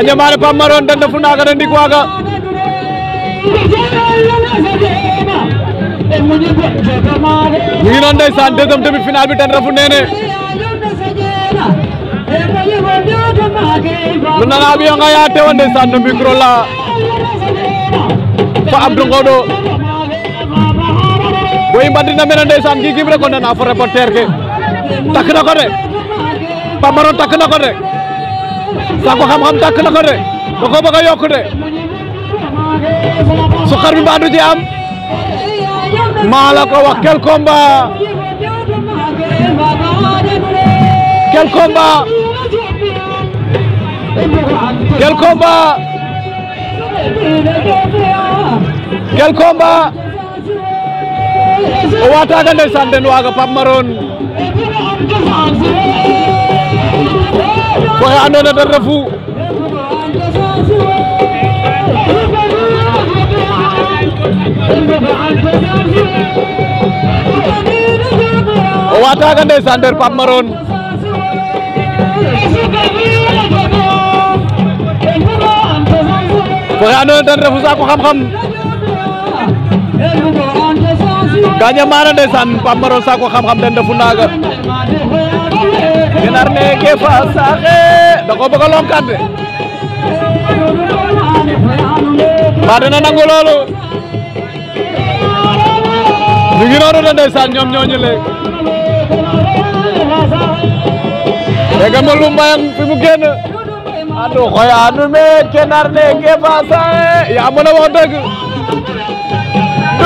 Añamaale Pape Maroon danda funaaga da ndik waaga mu ngi noon ndeysaan deuxième demi-finale bi tan rafu neene o nana fo reporter ke takk na ko saako xam-xam takk na ko de da koo bëgg yokk de su bi mbaa du ci am maa ko wax quel combat quel combat quel combat quel combat o waataga booy andoona ten refu o waataga ndeysaan der Pape Maron booy andoona ten refu saaku xam-xam a Mané ndeysaan Pape Maro Sakho xam-xam den defu naaga genar ne ke fa saxe da ko bëgg a lonkaat de mbaa dina nangu loolu ñu de ndeysaan ñoom ñooñu le dégg ma lu mbayang fi mu génn andu xoy anu me kenar ke fa saxe yaa mën a wax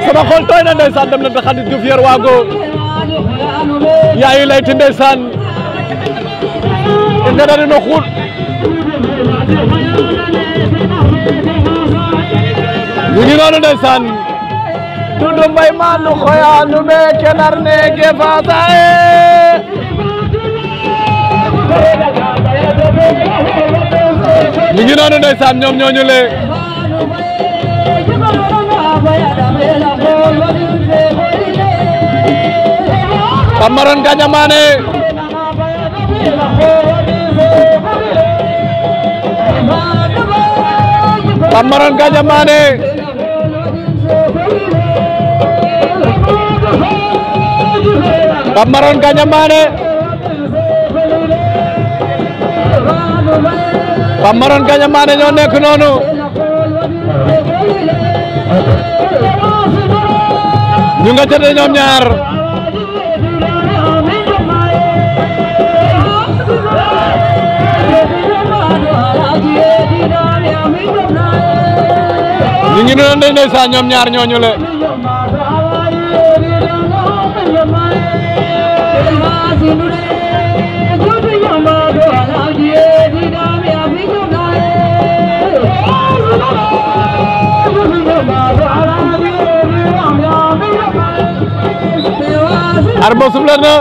sama xol tooy na ndeysaan dem na ba Khady Diouf yer waago yaayu layti ndeysaan in dana dina xuut ñu ngi noonu ndeysaan Doudou Mbaye ma nu xoya kenar ne ge faasa e ngi noonu ndeysaan ñoom ñooñu le Pammaran Gagna Mané Pammaran Gagna Mané Pammaran Gagna Mané noonu nga jotee ñoom ñaar ñu ngi arbo sufle na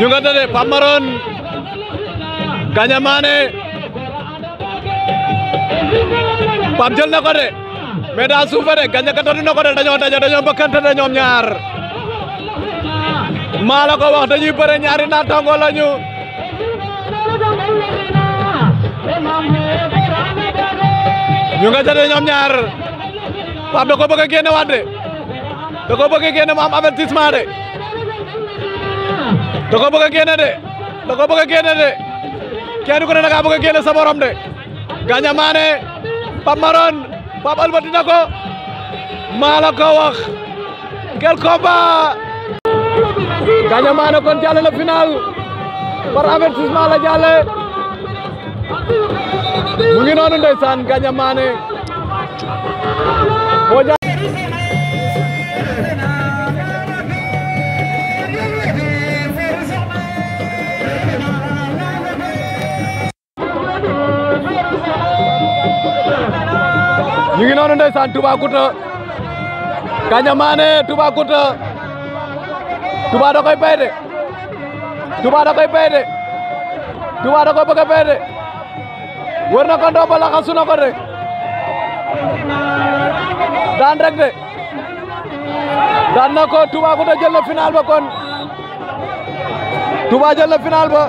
ñu nga dade Pape Maron Gagna Mané Pape jël na ko de mais daa suufe de Gagna katanu na ko de dañoo daje dañoo bëkkante de ñoom ñaar maa la ko wax dañuy bëre ñaari naataango lañu ñu nga dade ñoom Pape da ko bëgg a génne de da ko bëgg a génne mu de da ko bëgg a de da ko bëgg a génne de kenn ku ne da ngaa bëgg a génne sa borom de Gagna Mané Pape Maron Pape na ko maa la ko wax quel combat Gagna Mané kon jàll na final par avertissement la jàlle mu ngi noonu ndeysaan Gagna Mané हो जा ñu ngi noonu ndeysaan Toubacouta Gandia tuba Toubacouta Touba da koy bay de Touba da koy bay de Touba da koy bëgg daan rek de daan na ko Toubacouta jël na final ba kon Touba na final ba